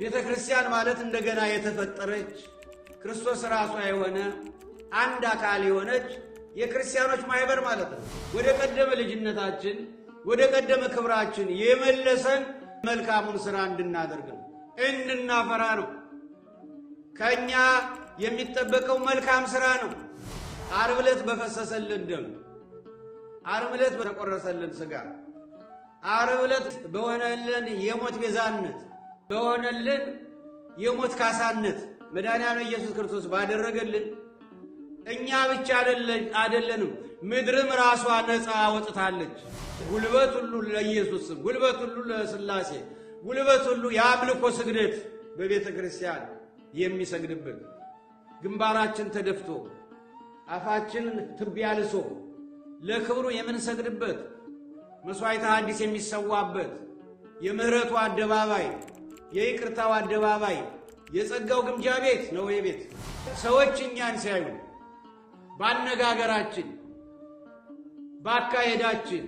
ቤተ ክርስቲያን ማለት እንደገና የተፈጠረች ክርስቶስ ራሷ የሆነ አንድ አካል የሆነች የክርስቲያኖች ማህበር ማለት ነው። ወደ ቀደመ ልጅነታችን ወደ ቀደመ ክብራችን የመለሰን መልካሙን ስራ እንድናደርግ ነው፣ እንድናፈራ ነው። ከእኛ የሚጠበቀው መልካም ስራ ነው። ዓርብ ዕለት በፈሰሰልን ደም፣ ዓርብ ዕለት በተቆረሰልን ስጋ፣ ዓርብ ዕለት በሆነልን የሞት ቤዛነት በሆነልን የሞት ካሳነት መድኃኒያነ ኢየሱስ ክርስቶስ ባደረገልን እኛ ብቻ አይደለንም፣ ምድርም ራሷ ነፃ ወጥታለች። ጉልበት ሁሉ ለኢየሱስ፣ ጉልበት ሁሉ ለስላሴ ጉልበት ሁሉ የአምልኮ ስግደት በቤተ ክርስቲያን የሚሰግድብን ግንባራችን ተደፍቶ አፋችን ትቢያ ልሶ ለክብሩ የምንሰግድበት መስዋዕተ ሐዲስ የሚሰዋበት የምሕረቱ አደባባይ የይቅርታው አደባባይ፣ የጸጋው ግምጃ ቤት ነው ይህ ቤት። ሰዎች እኛን ሲያዩ ባነጋገራችን፣ ባካሄዳችን፣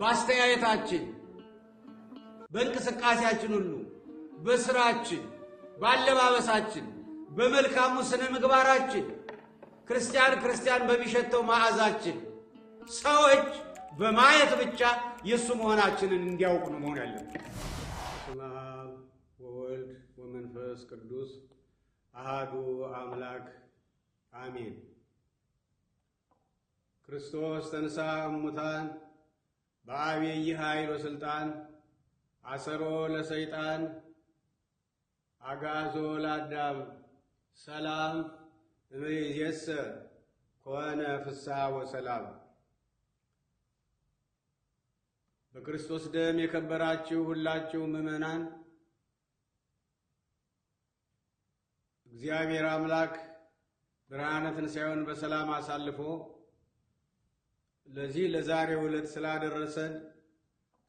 ባስተያየታችን፣ በእንቅስቃሴያችን ሁሉ፣ በስራችን፣ ባለባበሳችን፣ በመልካሙ ስነ ምግባራችን፣ ክርስቲያን ክርስቲያን በሚሸተው መዓዛችን ሰዎች በማየት ብቻ የእሱ መሆናችንን እንዲያውቁ ነው መሆን ያለብን። መንፈስ ቅዱስ አሃዱ አምላክ አሜን። ክርስቶስ ተንሳ እሙታን በአብይ ኃይል ወስልጣን አሰሮ ለሰይጣን አጋዞ ለአዳም ሰላም እምይእዜሰ ኮነ ፍስሐ ወሰላም። በክርስቶስ ደም የከበራችሁ ሁላችሁ ምዕመናን እግዚአብሔር አምላክ ብርሃነ ትንሣኤውን በሰላም አሳልፎ ለዚህ ለዛሬው ዕለት ስላደረሰን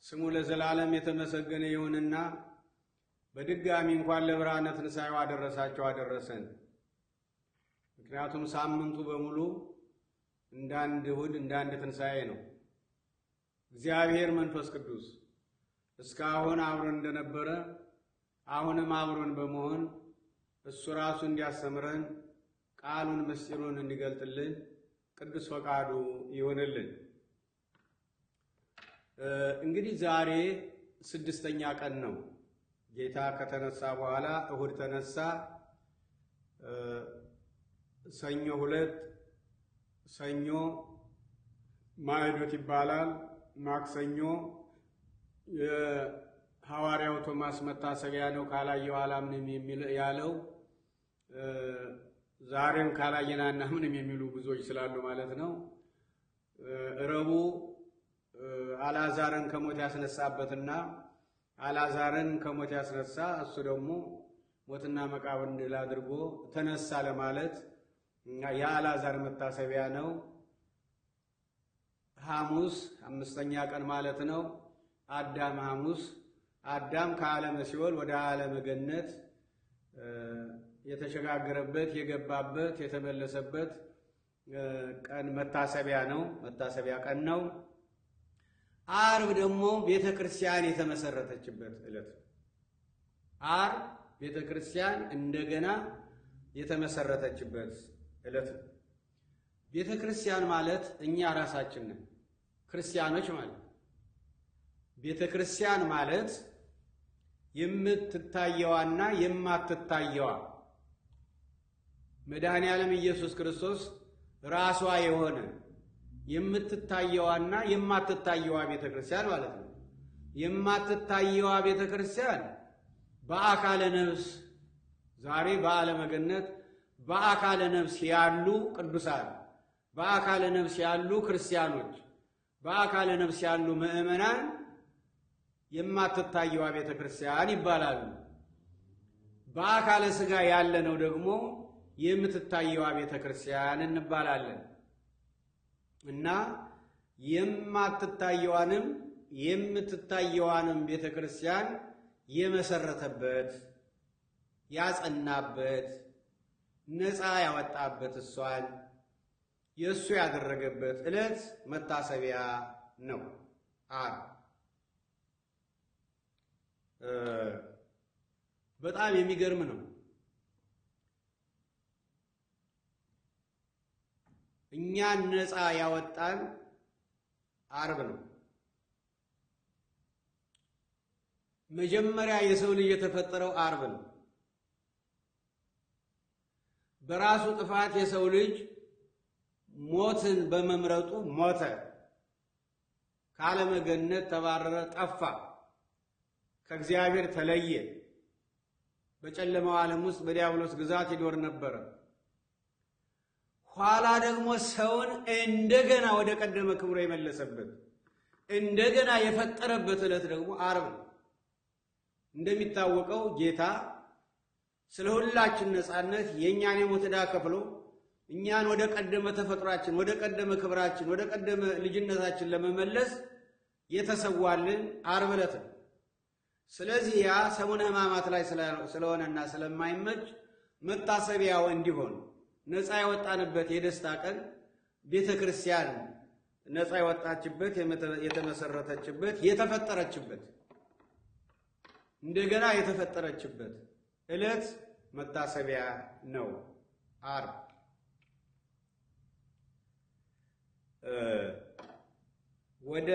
ስሙ ለዘላለም የተመሰገነ ይሁንና በድጋሚ እንኳን ለብርሃነ ትንሣኤው አደረሳቸው አደረሰን። ምክንያቱም ሳምንቱ በሙሉ እንዳንድ ሁድ እንዳንድ ትንሣኤ ነው። እግዚአብሔር መንፈስ ቅዱስ እስካሁን አብሮን እንደነበረ አሁንም አብሮን በመሆን እሱ ራሱ እንዲያስተምረን ቃሉን ምስጢሩን እንዲገልጥልን ቅዱስ ፈቃዱ ይሆንልን። እንግዲህ ዛሬ ስድስተኛ ቀን ነው። ጌታ ከተነሳ በኋላ እሁድ ተነሳ፣ ሰኞ ሁለት ሰኞ ማዕዶት ይባላል። ማክሰኞ የሐዋርያው ቶማስ መታሰቢያ ነው። ካላየሁ አላምንም የሚል ያለው ካላየና እና ምንም የሚሉ ብዙዎች ስላሉ ማለት ነው። ረቡ አላዛርን ከሞት ያስነሳበትና አላዛርን ከሞት ያስነሳ እሱ ደግሞ ሞትና መቃብር ድል አድርጎ ተነሳ ለማለት አላዛር መታሰቢያ ነው። ሐሙስ አምስተኛ ቀን ማለት ነው። አዳም ሐሙስ አዳም ከዓለመ ሲኦል ወደ ዓለመ ገነት የተሸጋገረበት የገባበት የተመለሰበት ቀን መታሰቢያ ነው። መታሰቢያ ቀን ነው። አርብ ደግሞ ቤተ ክርስቲያን የተመሰረተችበት ዕለት ነው። አርብ ቤተ ክርስቲያን እንደገና የተመሰረተችበት ዕለት ነው። ቤተ ክርስቲያን ማለት እኛ ራሳችን ነን፣ ክርስቲያኖች ማለት ቤተ ክርስቲያን ማለት የምትታየዋና የማትታየዋ መድኃኔ ዓለም ኢየሱስ ክርስቶስ ራሷ የሆነ የምትታየዋና የማትታየዋ ቤተ ክርስቲያን ማለት ነው። የማትታየዋ ቤተ ክርስቲያን በአካለ ነፍስ ዛሬ በዓለመ ገነት በአካለ ነፍስ ያሉ ቅዱሳን፣ በአካለ ነፍስ ያሉ ክርስቲያኖች፣ በአካለ ነፍስ ያሉ ምእመናን የማትታየዋ ቤተ ክርስቲያን ይባላሉ። በአካለ ስጋ ያለነው ደግሞ የምትታየዋ ቤተ ክርስቲያን እንባላለን እና የማትታየዋንም የምትታየዋንም ቤተ ክርስቲያን የመሰረተበት ያጸናበት ነፃ ያወጣበት እሷን የእሱ ያደረገበት ዕለት መታሰቢያ ነው። ዓርብ በጣም የሚገርም ነው። እኛን ነፃ ያወጣን አርብ ነው። መጀመሪያ የሰው ልጅ የተፈጠረው አርብ ነው። በራሱ ጥፋት የሰው ልጅ ሞትን በመምረጡ ሞተ፣ ካለመገነት ተባረረ፣ ጠፋ፣ ከእግዚአብሔር ተለየ። በጨለማው ዓለም ውስጥ በዲያብሎስ ግዛት ይኖር ነበረ። ኋላ ደግሞ ሰውን እንደገና ወደ ቀደመ ክብሮ የመለሰበት እንደገና የፈጠረበት ዕለት ደግሞ ዓርብ ነው። እንደሚታወቀው ጌታ ስለ ሁላችን ነፃነት የእኛን የሞት ዕዳ ከፍሎ እኛን ወደ ቀደመ ተፈጥሯችን፣ ወደ ቀደመ ክብራችን፣ ወደ ቀደመ ልጅነታችን ለመመለስ የተሰዋልን ዓርብ ዕለት ነው። ስለዚህ ያ ሰሙነ ሕማማት ላይ ስለሆነና ስለማይመች መታሰቢያው እንዲሆን ነፃ የወጣንበት የደስታ ቀን ቤተ ክርስቲያን ነፃ የወጣችበት የተመሰረተችበት የተፈጠረችበት እንደገና የተፈጠረችበት ዕለት መታሰቢያ ነው። ዓርብ ወደ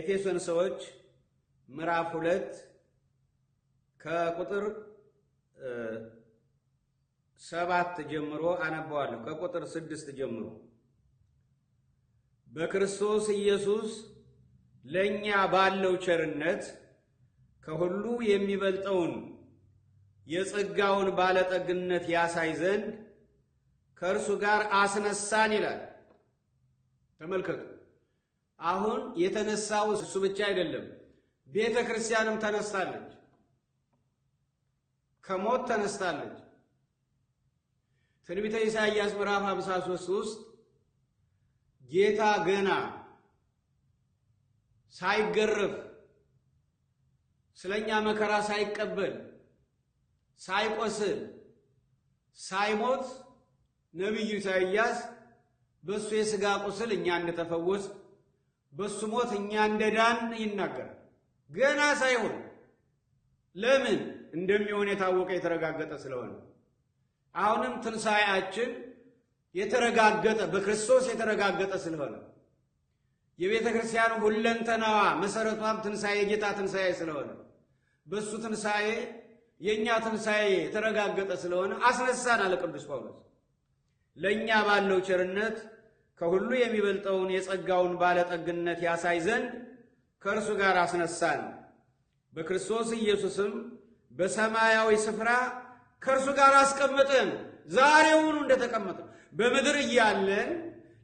ኤፌሶን ሰዎች ምዕራፍ ሁለት ከቁጥር ሰባት ጀምሮ አነባዋለሁ ከቁጥር ስድስት ጀምሮ በክርስቶስ ኢየሱስ ለእኛ ባለው ቸርነት ከሁሉ የሚበልጠውን የጸጋውን ባለጠግነት ያሳይ ዘንድ ከእርሱ ጋር አስነሳን ይላል። ተመልከቱ። አሁን የተነሳው እሱ ብቻ አይደለም፣ ቤተ ክርስቲያንም ተነስታለች፣ ከሞት ተነስታለች። ትንቢተ ኢሳይያስ ምዕራፍ 53 ውስጥ ጌታ ገና ሳይገረፍ ስለኛ መከራ ሳይቀበል ሳይቆስል ሳይሞት ነቢዩ ኢሳይያስ በእሱ የሥጋ ቁስል እኛ እንደተፈወስ በእሱ ሞት እኛ እንደዳን ይናገራል። ገና ሳይሆን ለምን እንደሚሆን የታወቀ የተረጋገጠ ስለሆነ አሁንም ትንሣኤያችን የተረጋገጠ በክርስቶስ የተረጋገጠ ስለሆነ የቤተ ክርስቲያን ሁለንተናዋ መሰረቷም ትንሣኤ የጌታ ትንሣኤ ስለሆነ በእሱ ትንሣኤ የእኛ ትንሣኤ የተረጋገጠ ስለሆነ አስነሳን አለ ቅዱስ ጳውሎስ። ለእኛ ባለው ቸርነት ከሁሉ የሚበልጠውን የጸጋውን ባለጠግነት ያሳይ ዘንድ ከእርሱ ጋር አስነሳን። በክርስቶስ ኢየሱስም በሰማያዊ ስፍራ ከእርሱ ጋር አስቀመጠን። ዛሬውኑ እንደተቀመጠ በምድር እያለን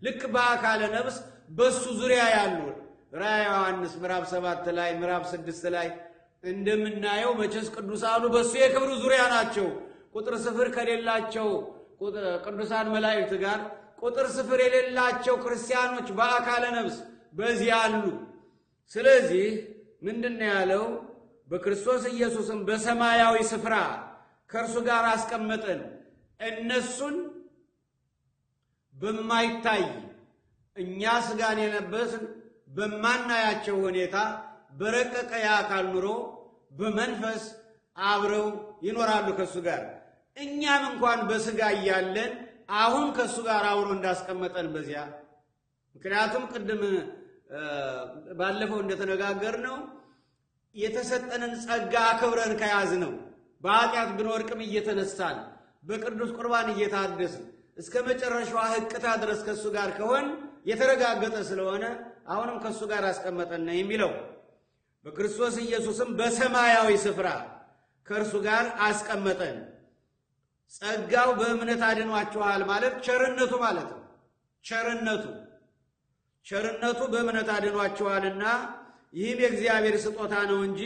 ልክ በአካለ ነብስ በሱ ዙሪያ ያሉ ራዕየ ዮሐንስ ምዕራፍ ሰባት ላይ ምዕራፍ ስድስት ላይ እንደምናየው መቼስ ቅዱሳኑ በእሱ የክብሩ ዙሪያ ናቸው። ቁጥር ስፍር ከሌላቸው ቅዱሳን መላእክት ጋር ቁጥር ስፍር የሌላቸው ክርስቲያኖች በአካለ ነብስ በዚህ አሉ። ስለዚህ ምንድን ነው ያለው? በክርስቶስ ኢየሱስም በሰማያዊ ስፍራ ከእርሱ ጋር አስቀመጠን። እነሱን በማይታይ እኛ ስጋን የለበስን በማናያቸው ሁኔታ በረቀቀ የአካል ኑሮ በመንፈስ አብረው ይኖራሉ ከእሱ ጋር። እኛም እንኳን በስጋ እያለን አሁን ከእሱ ጋር አብሮ እንዳስቀመጠን በዚያ ምክንያቱም ቅድም ባለፈው እንደተነጋገር ነው የተሰጠንን ጸጋ አክብረን ከያዝ ነው በኃጢአት ብንወድቅም እየተነሳን በቅዱስ ቁርባን እየታደስን እስከ መጨረሻዋ ሕቅታ ድረስ ከእሱ ጋር ከሆን የተረጋገጠ ስለሆነ አሁንም ከእሱ ጋር አስቀመጠን የሚለው በክርስቶስ ኢየሱስም በሰማያዊ ስፍራ ከእርሱ ጋር አስቀመጠን። ጸጋው በእምነት አድኗችኋል ማለት ቸርነቱ ማለት ነው። ቸርነቱ ቸርነቱ በእምነት አድኗችኋልና ይህም የእግዚአብሔር ስጦታ ነው እንጂ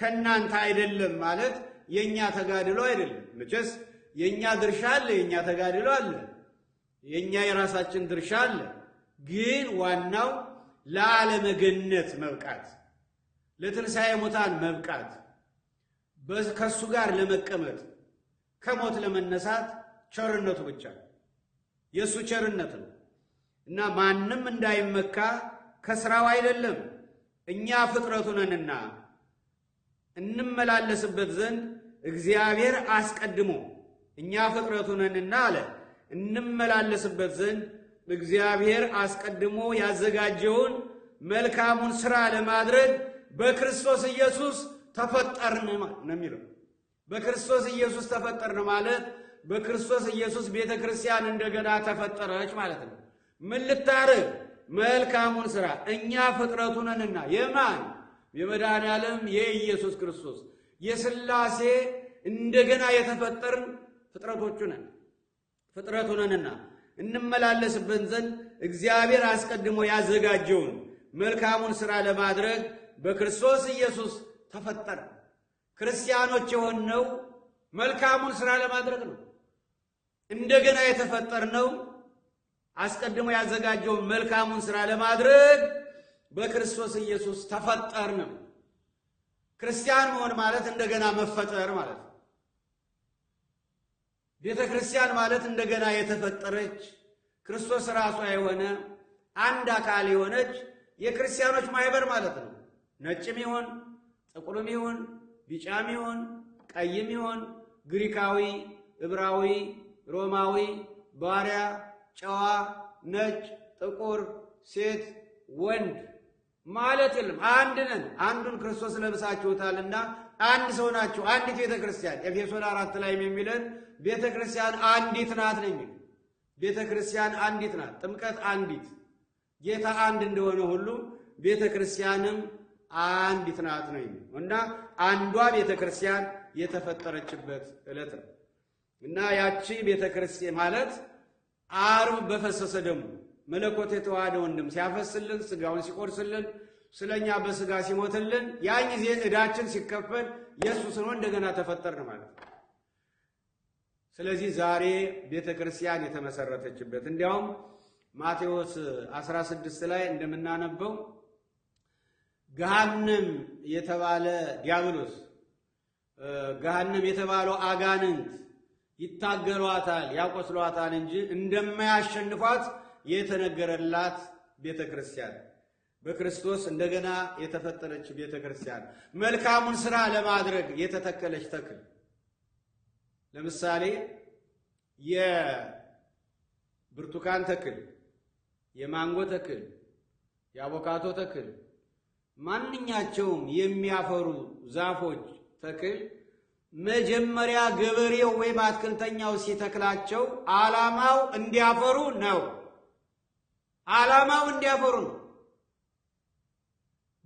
ከእናንተ አይደለም ማለት የእኛ ተጋድሎ አይደለም። መቼስ የእኛ ድርሻ አለ፣ የእኛ ተጋድሎ አለ፣ የእኛ የራሳችን ድርሻ አለ። ግን ዋናው ለዓለመ ገነት መብቃት፣ ለትንሣኤ ሙታን መብቃት፣ ከእሱ ጋር ለመቀመጥ ከሞት ለመነሳት ቸርነቱ ብቻ የእሱ ቸርነት ነው እና ማንም እንዳይመካ ከስራው አይደለም። እኛ ፍጥረቱ ነንና እንመላለስበት ዘንድ እግዚአብሔር አስቀድሞ እኛ ፍጥረቱ ነንና አለ እንመላለስበት ዘንድ እግዚአብሔር አስቀድሞ ያዘጋጀውን መልካሙን ሥራ ለማድረግ በክርስቶስ ኢየሱስ ተፈጠርን ነው የሚለው። በክርስቶስ ኢየሱስ ተፈጠርን ማለት በክርስቶስ ኢየሱስ ቤተ ክርስቲያን እንደገና ተፈጠረች ማለት ነው። ምን ልታርግ? መልካሙን ሥራ። እኛ ፍጥረቱ ነንና የማን የመድኃኔ ዓለም የኢየሱስ ክርስቶስ የስላሴ እንደገና የተፈጠርን ፍጥረቶቹ ነን ፍጥረቱ ነንና እንመላለስብን ዘንድ እግዚአብሔር አስቀድሞ ያዘጋጀውን መልካሙን ሥራ ለማድረግ በክርስቶስ ኢየሱስ ተፈጠረ። ክርስቲያኖች የሆነው መልካሙን ሥራ ለማድረግ ነው። እንደገና የተፈጠርነው አስቀድሞ ያዘጋጀውን መልካሙን ሥራ ለማድረግ በክርስቶስ ኢየሱስ ነው። ክርስቲያን መሆን ማለት እንደገና መፈጠር ማለት ነው። ቤተ ክርስቲያን ማለት እንደገና የተፈጠረች ክርስቶስ ራሷ የሆነ አንድ አካል የሆነች የክርስቲያኖች ማህበር ማለት ነው። ነጭም ይሁን ጥቁርም ይሁን ቢጫም ይሁን ቀይም ይሁን ግሪካዊ፣ ዕብራዊ፣ ሮማዊ፣ ባሪያ፣ ጨዋ፣ ነጭ፣ ጥቁር፣ ሴት፣ ወንድ ማለት የለም። አንድ ነን፣ አንዱን ክርስቶስ ለብሳችሁታልና አንድ ሰው ናችሁ፣ አንዲት ቤተ ክርስቲያን። ኤፌሶን አራት ላይም የሚለን ቤተ ክርስቲያን አንዲት ናት ነው የሚል ቤተ ክርስቲያን አንዲት ናት። ጥምቀት አንዲት፣ ጌታ አንድ እንደሆነ ሁሉ ቤተ ክርስቲያንም አንዲት ናት ነው የሚል እና አንዷ ቤተ ክርስቲያን የተፈጠረችበት ዕለት ነው እና ያቺ ቤተ ክርስቲያን ማለት አርብ በፈሰሰ ደሙ መለኮት የተዋሃደ ወንድም ሲያፈስልን ስጋውን ሲቆርስልን ስለኛ በስጋ ሲሞትልን ያን ጊዜ ዕዳችን ሲከፈል የእሱ ስንሆን እንደገና ተፈጠርን ማለት ነው። ስለዚህ ዛሬ ቤተ ክርስቲያን የተመሰረተችበት እንዲያውም ማቴዎስ 16 ላይ እንደምናነበው ገሃነም የተባለ ዲያብሎስ ገሃንም የተባለው አጋንንት ይታገሏታል፣ ያቆስሏታል እንጂ እንደማያሸንፏት የተነገረላት ቤተ ክርስቲያን በክርስቶስ እንደገና የተፈጠረች ቤተ ክርስቲያን መልካሙን ስራ ለማድረግ የተተከለች ተክል። ለምሳሌ የብርቱካን ተክል፣ የማንጎ ተክል፣ የአቮካቶ ተክል፣ ማንኛቸውም የሚያፈሩ ዛፎች ተክል መጀመሪያ ገበሬው ወይም አትክልተኛው ሲተክላቸው ዓላማው እንዲያፈሩ ነው። ዓላማው እንዲያፈሩ ነው።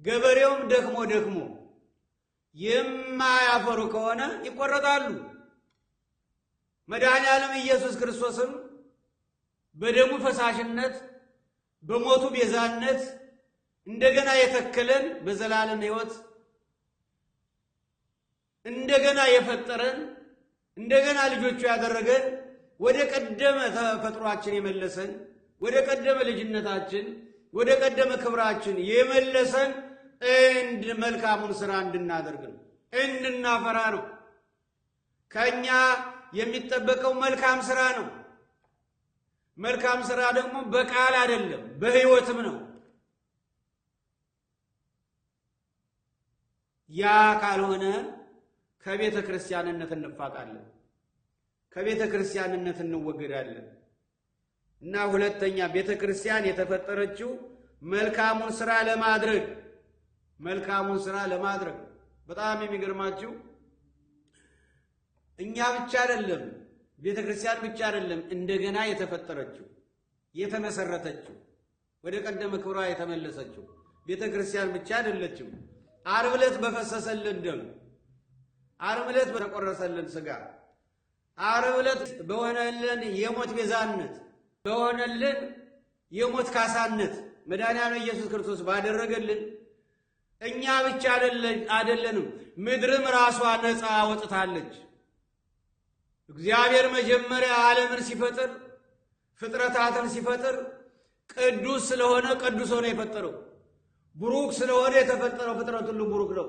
ገበሬውም ደክሞ ደክሞ የማያፈሩ ከሆነ ይቆረጣሉ። መድኃኔ ዓለም ኢየሱስ ክርስቶስም በደሙ ፈሳሽነት በሞቱ ቤዛነት እንደገና የተከለን በዘላለም ሕይወት እንደገና የፈጠረን እንደገና ልጆቹ ያደረገን ወደ ቀደመ ተፈጥሯችን የመለሰን ወደ ቀደመ ልጅነታችን ወደ ቀደመ ክብራችን የመለሰን እንድ መልካሙን ስራ እንድናደርግ ነው፣ እንድናፈራ ነው። ከኛ የሚጠበቀው መልካም ስራ ነው። መልካም ስራ ደግሞ በቃል አይደለም፣ በህይወትም ነው። ያ ካልሆነ ከቤተ ክርስቲያንነት እንፋቃለን፣ ከቤተ ክርስቲያንነት እንወገዳለን። እና ሁለተኛ ቤተ ክርስቲያን የተፈጠረችው መልካሙን ስራ ለማድረግ መልካሙን ስራ ለማድረግ በጣም የሚገርማችሁ እኛ ብቻ አይደለም ቤተ ክርስቲያን ብቻ አይደለም እንደገና የተፈጠረችው የተመሰረተችው ወደ ቀደመ ክብሯ የተመለሰችው ቤተ ክርስቲያን ብቻ አይደለችም። ዓርብ ዕለት በፈሰሰልን ደም፣ ዓርብ ዕለት በተቆረሰልን ስጋ፣ ዓርብ ዕለት በሆነልን የሞት ቤዛነት በሆነልን የሞት ካሳነት መድኃኒያችን ኢየሱስ ክርስቶስ ባደረገልን እኛ ብቻ አይደለንም፣ ምድርም ራሷ ነፃ ወጥታለች። እግዚአብሔር መጀመሪያ ዓለምን ሲፈጥር ፍጥረታትን ሲፈጥር ቅዱስ ስለሆነ ቅዱስ ሆነ የፈጠረው፣ ብሩክ ስለሆነ የተፈጠረው ፍጥረት ሁሉ ብሩክ ነው።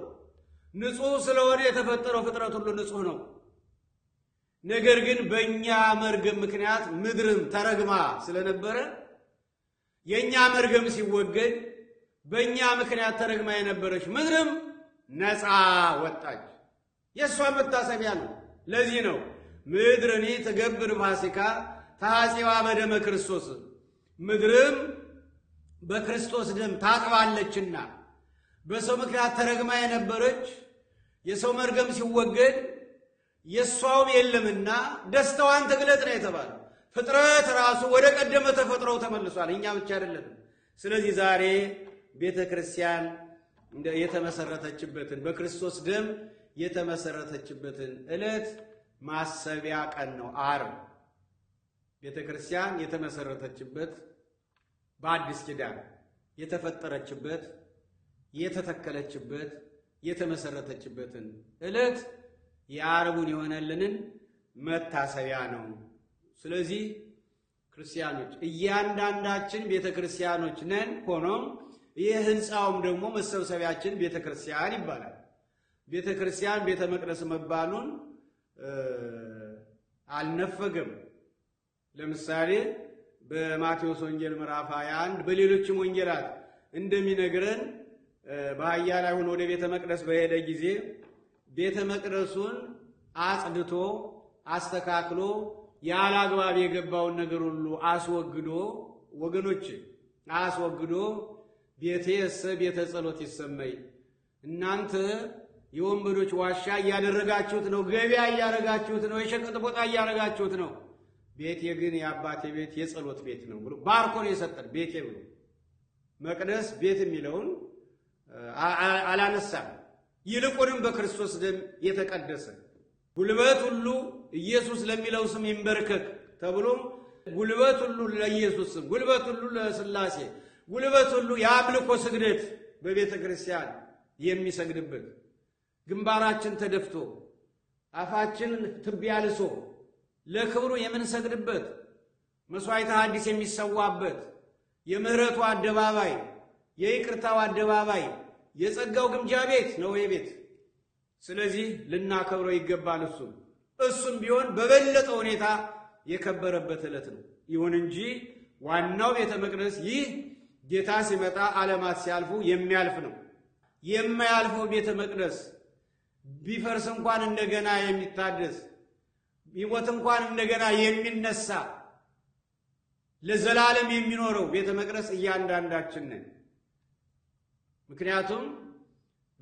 ንጹህ ስለሆነ የተፈጠረው ፍጥረት ሁሉ ንጹህ ነው። ነገር ግን በእኛ መርገም ምክንያት ምድርም ተረግማ ስለነበረ የእኛ መርገም ሲወገድ በእኛ ምክንያት ተረግማ የነበረች ምድርም ነፃ ወጣች። የእሷ መታሰቢያ ነው። ለዚህ ነው ምድርኒ ትገብር ፋሲካ ታጺዋ በደመ ክርስቶስ፣ ምድርም በክርስቶስ ደም ታጥባለችና በሰው ምክንያት ተረግማ የነበረች የሰው መርገም ሲወገድ የእሷውም የለምና ደስታዋን ትግለጥ ነው የተባለው። ፍጥረት ራሱ ወደ ቀደመ ተፈጥሮው ተመልሷል። እኛ ብቻ አይደለም። ስለዚህ ዛሬ ቤተ ክርስቲያን የተመሰረተችበትን በክርስቶስ ደም የተመሰረተችበትን ዕለት ማሰቢያ ቀን ነው ዓርብ። ቤተ ክርስቲያን የተመሰረተችበት በአዲስ ኪዳን የተፈጠረችበት የተተከለችበት የተመሰረተችበትን ዕለት የአርቡን የሆነልንን መታሰቢያ ነው። ስለዚህ ክርስቲያኖች እያንዳንዳችን ቤተ ክርስቲያኖች ነን። ሆኖም ይህ ህንፃውም ደግሞ መሰብሰቢያችን ቤተ ክርስቲያን ይባላል። ቤተ ክርስቲያን ቤተ መቅደስ መባሉን አልነፈገም። ለምሳሌ በማቴዎስ ወንጌል ምዕራፍ 21 በሌሎችም ወንጌላት እንደሚነግረን በአህያ ላይ ሆኖ ወደ ቤተ መቅደስ በሄደ ጊዜ ቤተ መቅደሱን አጽድቶ አስተካክሎ ያለ አግባብ የገባውን ነገር ሁሉ አስወግዶ ወገኖች አስወግዶ ቤቴ እሰ ቤተ ጸሎት ይሰመይ እናንተ የወንበዶች ዋሻ እያደረጋችሁት ነው፣ ገበያ እያደረጋችሁት ነው፣ የሸቀጥ ቦታ እያደረጋችሁት ነው። ቤቴ ግን የአባቴ ቤት የጸሎት ቤት ነው ብሎ ባርኮ ነው የሰጠን። ቤቴ ብሎ መቅደስ ቤት የሚለውን አላነሳም። ይልቁንም በክርስቶስ ደም የተቀደሰ ጉልበት ሁሉ ኢየሱስ ለሚለው ስም ይንበርከክ ተብሎም ጉልበት ሁሉ ለኢየሱስ ስም፣ ጉልበት ሁሉ ለስላሴ ጉልበት ሁሉ የአምልኮ ስግደት በቤተ ክርስቲያን የሚሰግድበት ግንባራችን ተደፍቶ አፋችን ትቢያ ልሶ ለክብሩ የምንሰግድበት መስዋዕተ ሐዲስ የሚሰዋበት የምህረቱ አደባባይ የይቅርታው አደባባይ የጸጋው ግምጃ ቤት ነው የቤት ቤት። ስለዚህ ልናከብረው ይገባል። እሱም እሱም ቢሆን በበለጠ ሁኔታ የከበረበት ዕለት ነው። ይሁን እንጂ ዋናው ቤተ መቅደስ ይህ ጌታ ሲመጣ ዓለማት ሲያልፉ የሚያልፍ ነው። የማያልፈው ቤተ መቅደስ ቢፈርስ እንኳን እንደገና የሚታደስ ቢሞት እንኳን እንደገና የሚነሳ ለዘላለም የሚኖረው ቤተ መቅደስ እያንዳንዳችን ነን። ምክንያቱም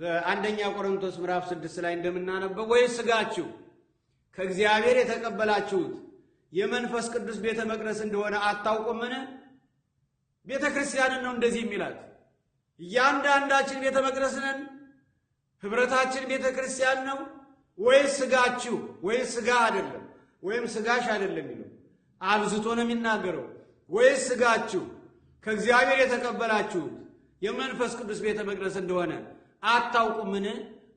በአንደኛ ቆሮንቶስ ምዕራፍ ስድስት ላይ እንደምናነበው ወይስ ስጋችሁ ከእግዚአብሔር የተቀበላችሁት የመንፈስ ቅዱስ ቤተ መቅደስ እንደሆነ አታውቁምን? ቤተ ክርስቲያንን ነው እንደዚህ የሚላት። እያንዳንዳችን ቤተ መቅደስ ነን። ህብረታችን ቤተ ክርስቲያን ነው። ወይስ ስጋችሁ? ወይስ ስጋ አይደለም ወይም ስጋሽ አይደለም የሚለው አብዝቶ ነው የሚናገረው። ወይስ ሥጋችሁ ከእግዚአብሔር የተቀበላችሁት የመንፈስ ቅዱስ ቤተ መቅደስ እንደሆነ አታውቁምን?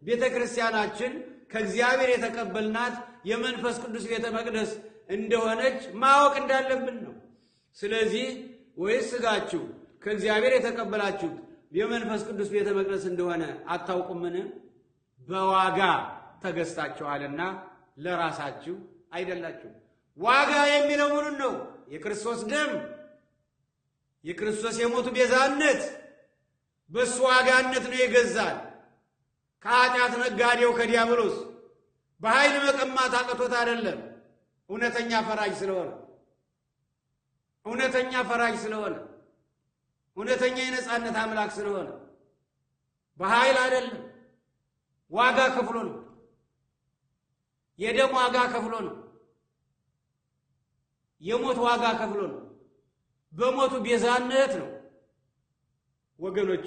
ቤተ ክርስቲያናችን ከእግዚአብሔር የተቀበልናት የመንፈስ ቅዱስ ቤተ መቅደስ እንደሆነች ማወቅ እንዳለብን ነው። ስለዚህ ወይስ ስጋችሁ ከእግዚአብሔር የተቀበላችሁት የመንፈስ ቅዱስ ቤተ መቅደስ እንደሆነ አታውቁምን? በዋጋ ተገዝታችኋልና ለራሳችሁ አይደላችሁ ዋጋ የሚለው ምኑን ነው? የክርስቶስ ደም፣ የክርስቶስ የሞቱ ቤዛነት በእሱ ዋጋነት ነው የገዛል። ከኃጢአት ነጋዴው ከዲያብሎስ በኃይል መቀማት አቅቶት አይደለም። እውነተኛ ፈራጅ ስለሆነ እውነተኛ ፈራጅ ስለሆነ እውነተኛ የነፃነት አምላክ ስለሆነ በኃይል አይደለም። ዋጋ ከፍሎ ነው። የደም ዋጋ ከፍሎ ነው። የሞት ዋጋ ከፍሎ ነው። በሞቱ ቤዛነት ነው ወገኖች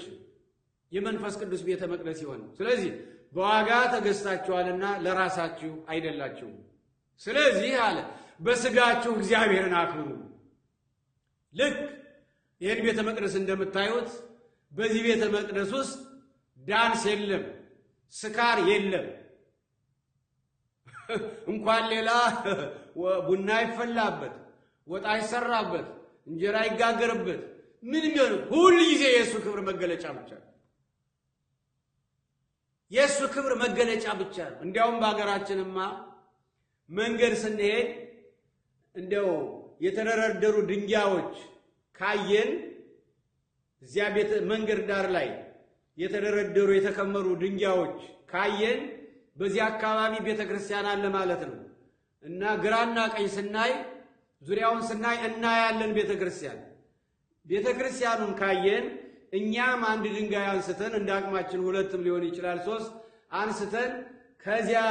የመንፈስ ቅዱስ ቤተ መቅደስ ይሆን። ስለዚህ በዋጋ ተገዝታችኋልና ለራሳችሁ አይደላችሁም። ስለዚህ አለ በስጋችሁ እግዚአብሔርን አክብሩ። ልክ ይህን ቤተ መቅደስ እንደምታዩት በዚህ ቤተ መቅደስ ውስጥ ዳንስ የለም፣ ስካር የለም። እንኳን ሌላ ቡና አይፈላበት፣ ወጣ አይሰራበት፣ እንጀራ አይጋገርበት ምን የሚሆን ሁል ጊዜ የእሱ ክብር መገለጫ ብቻ ነው። የእሱ ክብር መገለጫ ብቻ ነው። እንዲያውም በሀገራችንማ መንገድ ስንሄድ እንደው የተደረደሩ ድንጋዮች ካየን እዚያ ቤተ መንገድ ዳር ላይ የተደረደሩ የተከመሩ ድንጋዮች ካየን በዚህ አካባቢ ቤተ ክርስቲያን አለ ማለት ነው። እና ግራና ቀኝ ስናይ ዙሪያውን ስናይ እናያለን ቤተ ክርስቲያን ቤተ ክርስቲያኑን ካየን እኛም አንድ ድንጋይ አንስተን እንደ አቅማችን ሁለትም ሊሆን ይችላል ሶስት አንስተን ከዚያ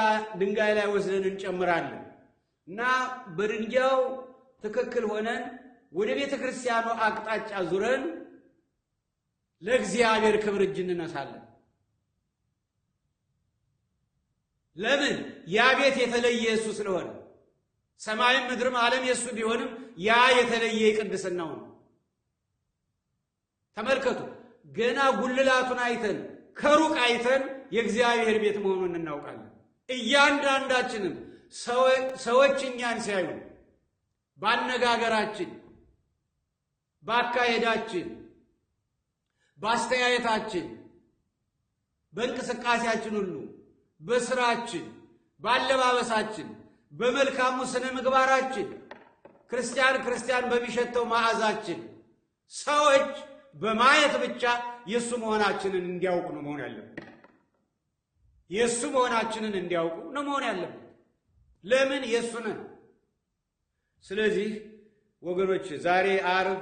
ድንጋይ ላይ ወስደን እንጨምራለን እና በድንጋዩ ትክክል ሆነን ወደ ቤተ ክርስቲያኑ አቅጣጫ ዙረን ለእግዚአብሔር ክብር እጅ እንነሳለን። ለምን? ያ ቤት የተለየ እሱ ስለሆነ ሰማይም ምድርም ዓለም የእሱ ቢሆንም ያ የተለየ ቅድስናው ነው። ተመልከቱ። ገና ጉልላቱን አይተን ከሩቅ አይተን የእግዚአብሔር ቤት መሆኑን እናውቃለን። እያንዳንዳችንም ሰዎች እኛን ሲያዩ ባነጋገራችን፣ ባካሄዳችን፣ ባስተያየታችን፣ በእንቅስቃሴያችን ሁሉ፣ በስራችን፣ ባለባበሳችን፣ በመልካሙ ስነ ምግባራችን ክርስቲያን ክርስቲያን በሚሸተው መዓዛችን ሰዎች በማየት ብቻ የእሱ መሆናችንን እንዲያውቁ ነው መሆን ያለብን። የእሱ መሆናችንን እንዲያውቁ ነው መሆን ያለብን። ለምን የእሱ ነን። ስለዚህ ወገኖች ዛሬ አርብ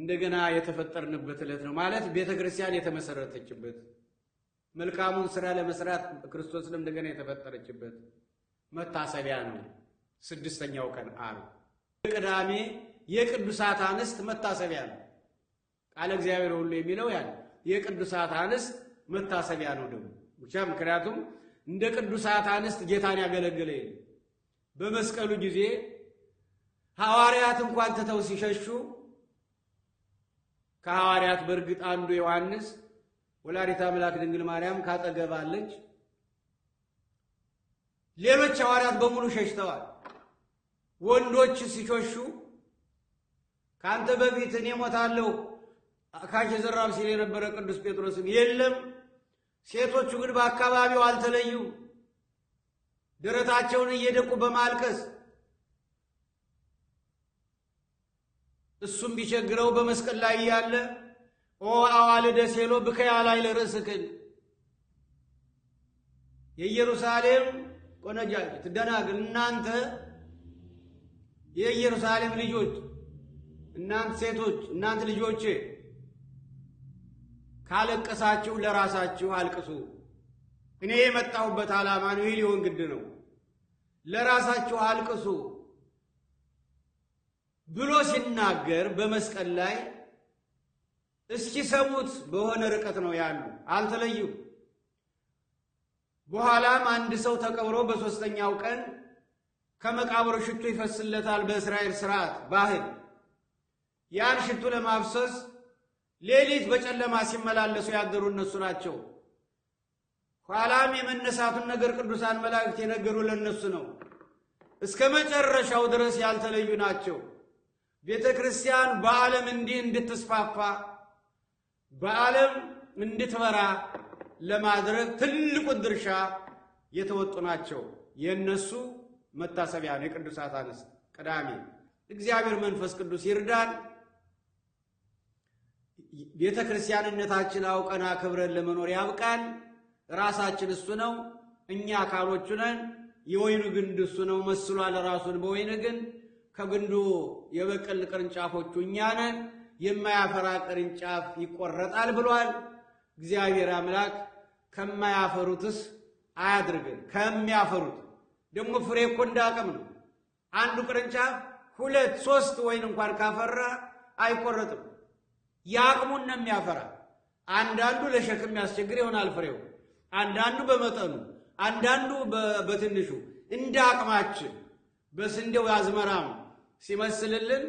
እንደገና የተፈጠርንበት ዕለት ነው ማለት ቤተ ክርስቲያን የተመሰረተችበት መልካሙን ስራ ለመስራት ክርስቶስ እንደገና የተፈጠረችበት መታሰቢያ ነው። ስድስተኛው ቀን አርብ፣ ቅዳሜ የቅዱሳት አንስት መታሰቢያ ነው። ቃለ እግዚአብሔር ሁሉ የሚለው ያለ የቅዱሳት አንስት መታሰቢያ ነው ደግሞ ብቻ። ምክንያቱም እንደ ቅዱሳት አንስት ጌታን ያገለገለ በመስቀሉ ጊዜ ሐዋርያት እንኳን ትተው ሲሸሹ ከሐዋርያት በእርግጥ አንዱ ዮሐንስ ወላዲተ አምላክ ድንግል ማርያም ካጠገባለች። ሌሎች ሐዋርያት በሙሉ ሸሽተዋል። ወንዶች ሲሸሹ ከአንተ በፊት እኔ እሞታለሁ አካሽ ዘራብ ሲል የነበረ ቅዱስ ጴጥሮስም የለም፣ ሴቶቹ ግን በአካባቢው አልተለዩ፣ ደረታቸውን እየደቁ በማልቀስ እሱም ቢቸግረው በመስቀል ላይ እያለ ኦ አዋልደ ሴሎ ብከያ ላይ ለርእስክን የኢየሩሳሌም ቆነጃጅት ደናግል፣ እናንተ የኢየሩሳሌም ልጆች፣ እናንተ ሴቶች፣ እናንተ ልጆቼ ካለቀሳችሁ ለራሳችሁ አልቅሱ። እኔ የመጣሁበት ዓላማ ነው፣ ይህ ሊሆን ግድ ነው። ለራሳችሁ አልቅሱ ብሎ ሲናገር በመስቀል ላይ እስኪሰሙት በሆነ ርቀት ነው ያሉ፣ አልተለዩም። በኋላም አንድ ሰው ተቀብሮ በሦስተኛው ቀን ከመቃብሩ ሽቱ ይፈስለታል። በእስራኤል ስርዓት ባህል ያን ሽቱ ለማፍሰስ ሌሊት በጨለማ ሲመላለሱ ያገሩ እነሱ ናቸው። ኋላም የመነሳቱን ነገር ቅዱሳን መላእክት የነገሩ ለእነሱ ነው። እስከ መጨረሻው ድረስ ያልተለዩ ናቸው። ቤተ ክርስቲያን በዓለም እንዲህ እንድትስፋፋ በዓለም እንድትበራ ለማድረግ ትልቁን ድርሻ የተወጡ ናቸው። የእነሱ መታሰቢያ ነው የቅዱሳት አንስት ቅዳሜ። እግዚአብሔር መንፈስ ቅዱስ ይርዳን። ቤተ ክርስቲያንነታችን አውቀን አክብረን ለመኖር ያብቃል። ራሳችን እሱ ነው፣ እኛ አካሎቹ ነን። የወይኑ ግንድ እሱ ነው መስሏል ራሱን በወይን ግን ከግንዱ የበቀል ቅርንጫፎቹ እኛ ነን። የማያፈራ ቅርንጫፍ ይቆረጣል ብሏል። እግዚአብሔር አምላክ ከማያፈሩትስ አያድርግን። ከሚያፈሩት ደግሞ ፍሬ እኮ እንዳቅም ነው። አንዱ ቅርንጫፍ ሁለት ሶስት ወይን እንኳን ካፈራ አይቆረጥም። የአቅሙን ነው የሚያፈራ። አንዳንዱ ለሸክም የሚያስቸግር ይሆናል ፍሬው፣ አንዳንዱ በመጠኑ፣ አንዳንዱ በትንሹ እንደ አቅማችን። በስንዴው አዝመራም ሲመስልልን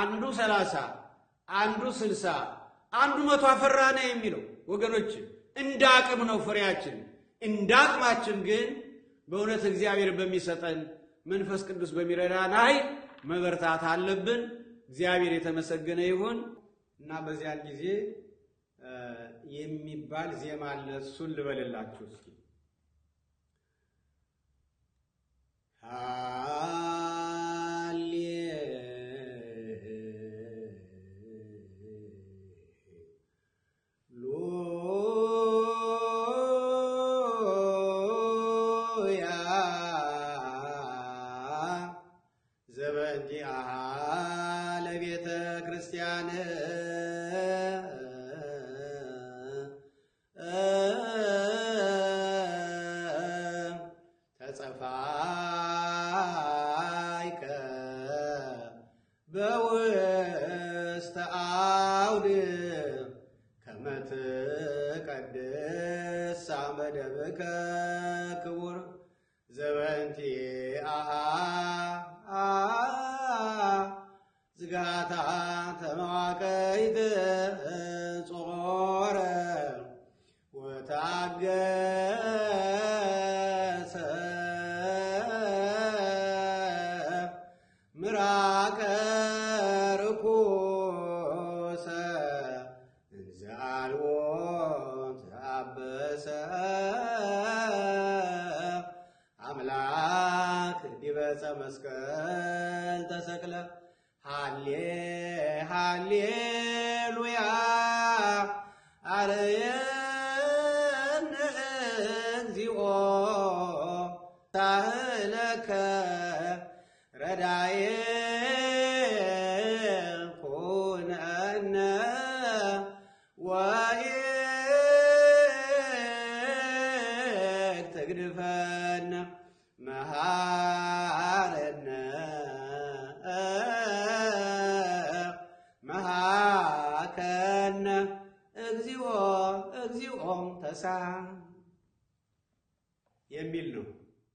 አንዱ ሰላሳ አንዱ ስልሳ አንዱ መቶ አፈራ የሚለው ወገኖች፣ እንደ አቅም ነው ፍሬያችን። እንደ አቅማችን ግን በእውነት እግዚአብሔር በሚሰጠን መንፈስ ቅዱስ በሚረዳን ኃይል መበርታት አለብን። እግዚአብሔር የተመሰገነ ይሁን። እና በዚያን ጊዜ የሚባል ዜማ አለ። እሱን ልበልላችሁ እስኪ ቤተ ክርስቲያን Alaska